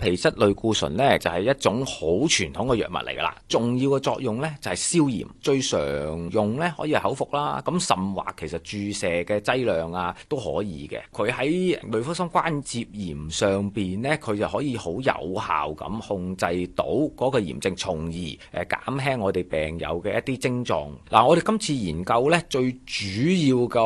皮質類固醇咧就係、是、一種好傳統嘅藥物嚟噶啦，重要嘅作用咧就係、是、消炎，最常用咧可以係口服啦，咁甚或其實注射嘅劑量啊都可以嘅。佢喺類風濕關節炎上邊咧，佢就可以好有效咁控制到嗰個炎症，從而誒減輕我哋病友嘅一啲症狀。嗱，我哋今次研究咧最主要個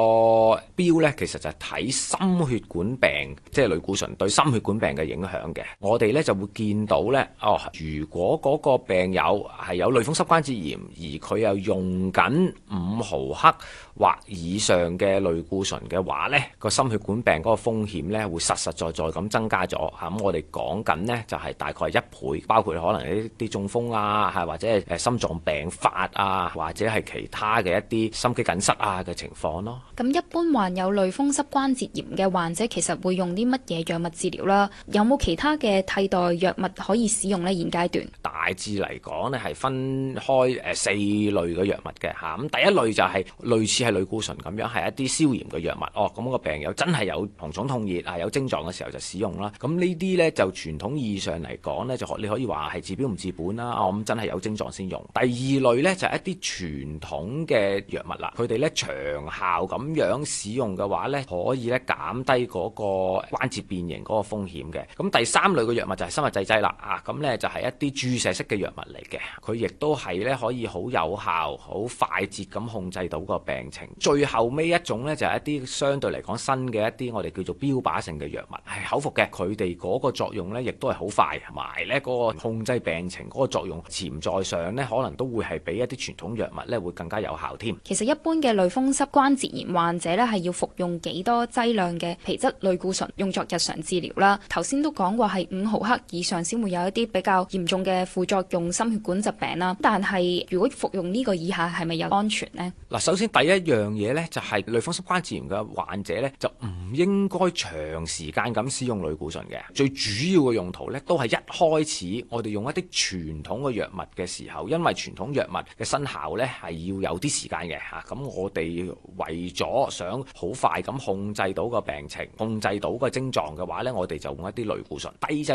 標咧，其實就係睇心血管病，即、就、係、是、類固醇對心血管病嘅影響嘅。我我哋咧就會見到咧，哦，如果嗰個病友係有類風濕關節炎，而佢又用緊五毫克或以上嘅類固醇嘅話咧，呢個心血管病嗰個風險咧會實實在在咁增加咗嚇。咁、嗯、我哋講緊呢，就係大概一倍，包括可能呢啲中風啊，係或者係誒心臟病發啊，或者係其他嘅一啲心肌梗塞啊嘅情況咯。咁一般患有類風濕關節炎嘅患者其實會用啲乜嘢藥物治療啦？有冇其他嘅？代替代藥物可以使用呢，現階段大致嚟講呢，係分開誒四類嘅藥物嘅嚇，咁第一類就係、是、類似係類固醇咁樣，係一啲消炎嘅藥物哦。咁、嗯、個病友真係有紅腫痛熱係有症狀嘅時候就使用啦。咁呢啲呢，就傳統意義上嚟講呢就你可以話係治標唔治本啦。我、哦、咁、嗯、真係有症狀先用。第二類呢，就係、是、一啲傳統嘅藥物啦，佢哋呢，長效咁樣使用嘅話呢，可以咧減低嗰個關節變形嗰個風險嘅。咁、嗯、第三類嘅藥。藥物就係生物製劑啦，啊，咁咧就係一啲注射式嘅藥物嚟嘅，佢亦都係咧可以好有效、好快捷咁控制到個病情。最後尾一種咧就係一啲相對嚟講新嘅一啲我哋叫做標靶性嘅藥物，係口服嘅。佢哋嗰個作用咧亦都係好快，同埋咧嗰個控制病情嗰個作用，潛在上咧可能都會係比一啲傳統藥物咧會更加有效添。其實一般嘅類風濕關節炎患者咧係要服用幾多劑量嘅皮質類固醇用作日常治療啦。頭先都講過係五。毫克以上先會有一啲比較嚴重嘅副作用，心血管疾病啦。但係如果服用呢個以下，係咪有安全呢？嗱，首先第一樣嘢呢，就係，就係類風濕關節炎嘅患者呢，就唔應該長時間咁使用類固醇嘅。最主要嘅用途呢，都係一開始我哋用一啲傳統嘅藥物嘅時候，因為傳統藥物嘅生效呢，係要有啲時間嘅吓。咁我哋為咗想好快咁控制到個病情，控制到個症狀嘅話呢，我哋就用一啲類固醇。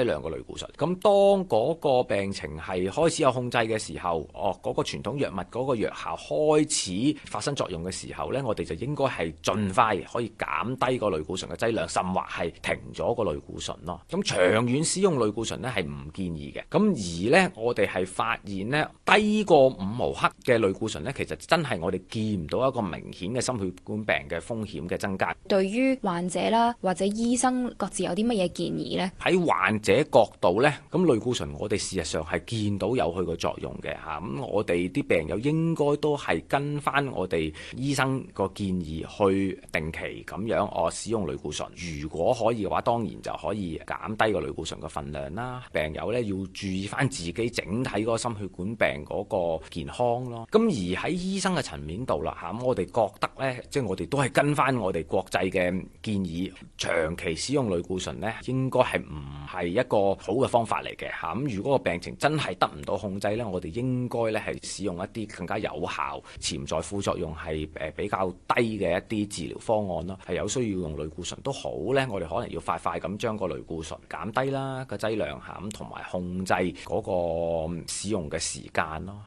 兩個類固醇，咁當嗰個病情係開始有控制嘅時候，哦，嗰個傳統藥物嗰個藥效開始發生作用嘅時候咧，我哋就應該係盡快可以減低個類固醇嘅劑量，甚或係停咗個類固醇咯。咁長遠使用類固醇咧係唔建議嘅。咁而咧，我哋係發現咧，低過五毫克嘅類固醇咧，其實真係我哋見唔到一個明顯嘅心血管病嘅風險嘅增加。對於患者啦，或者醫生各自有啲乜嘢建議咧？喺患者。嘅角度咧，咁類固醇我哋事實上係見到有佢個作用嘅吓，咁我哋啲病友應該都係跟翻我哋醫生個建議去定期咁樣哦使用類固醇。如果可以嘅話，當然就可以減低個類固醇嘅分量啦。病友咧，要注意翻自己整體個心血管病嗰個健康咯。咁而喺醫生嘅層面度啦，吓咁我哋覺得咧，即係我哋都係跟翻我哋國際嘅建議，長期使用類固醇咧，應該係唔係一。一個好嘅方法嚟嘅吓，咁如果個病情真係得唔到控制呢，我哋應該呢係使用一啲更加有效，潛在副作用係誒比較低嘅一啲治療方案咯，係有需要用類固醇都好呢，我哋可能要快快咁將個類固醇減低啦個劑量下，同埋控制嗰個使用嘅時間咯。